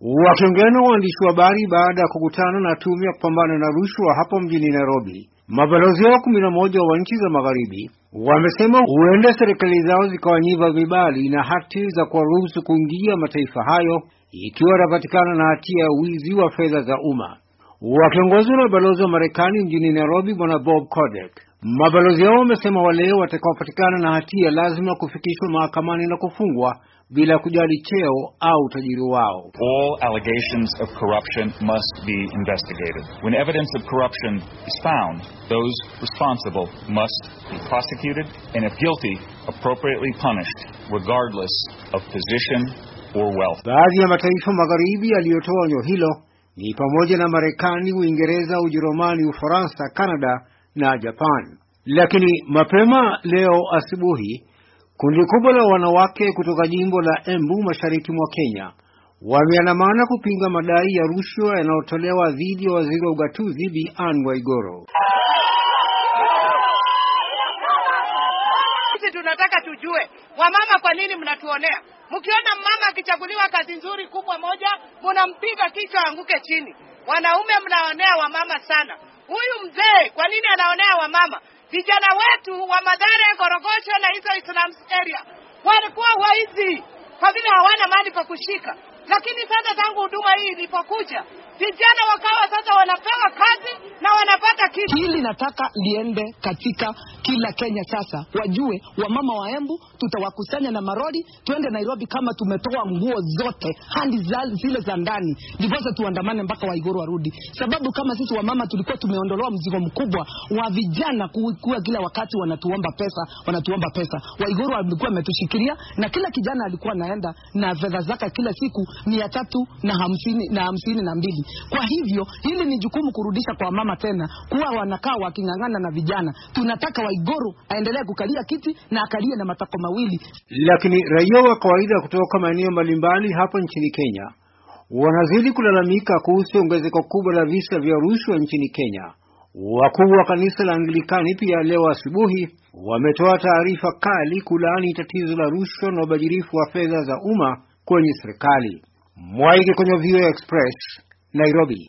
Wakiongeana waandishi wa habari baada ya kukutana na tume ya kupambana na rushwa hapo mjini Nairobi, mabalozi hao kumi na moja wa nchi za magharibi wamesema huenda serikali zao zikawanyiva vibali na hati za kuwaruhusu kuingia mataifa hayo ikiwa watapatikana na hatia ya wizi wa fedha za umma. Wakiongozwa na balozi wa Marekani mjini Nairobi, bwana Bob Kodek, mabalozi hao wamesema wale watakaopatikana na hatia lazima kufikishwa mahakamani na kufungwa bila kujali cheo au utajiri wao. All allegations of corruption must be investigated. When evidence of corruption is found, those responsible must be prosecuted and if guilty, appropriately punished regardless of position or wealth. Baadhi ya mataifa magharibi yaliyotoa onyo hilo ni pamoja na Marekani, Uingereza, Ujerumani, Ufaransa, Kanada na Japan. Lakini mapema leo asubuhi Kundi kubwa la wanawake kutoka jimbo la Embu mashariki mwa Kenya wameandamana kupinga madai ya rushwa yanayotolewa dhidi ya waziri wa ugatuzi Bi Anne Waiguru. Sisi tunataka tujue, wamama, kwa nini mnatuonea? Mkiona mama akichaguliwa kazi nzuri kubwa moja, mnampiga kichwa anguke chini. Wanaume mnaonea wamama sana. Huyu mzee kwa nini anaonea wamama? vijana wetu wa ya Gorogosho na hizo Islam area walikuwa waizi kwa vile hawana mali pa kushika, lakini sasa tangu huduma hii ilipokuja vijana wakawa sasa wanapewa kazi na wanapata kitu. Hili nataka liende katika kila Kenya. Sasa wajue wamama wa Embu, tutawakusanya na marori tuende Nairobi kama tumetoa nguo zote handi zile za ndani, ndiposa tuandamane mpaka Waiguru warudi, sababu kama sisi wamama tulikuwa tumeondolewa mzigo mkubwa wa vijana kuwa kila wakati wanatuomba pesa, wanatuomba pesa. Waiguru alikuwa wametushikilia na kila kijana alikuwa anaenda na fedha zake kila siku mia tatu na hamsini na hamsini na mbili kwa hivyo hili ni jukumu kurudisha kwa mama tena, kuwa wanakaa waking'ang'ana na vijana. Tunataka waigoro aendelee kukalia kiti na akalie na matako mawili. Lakini raia wa kawaida kutoka maeneo mbalimbali hapa nchini Kenya wanazidi kulalamika kuhusu ongezeko kubwa la visa vya rushwa nchini Kenya. Wakuu wa kanisa la Anglikani pia leo asubuhi wametoa taarifa kali kulaani tatizo la rushwa na ubadhirifu wa fedha za umma kwenye serikali. Mwaike kwenye VOA Express Nairobi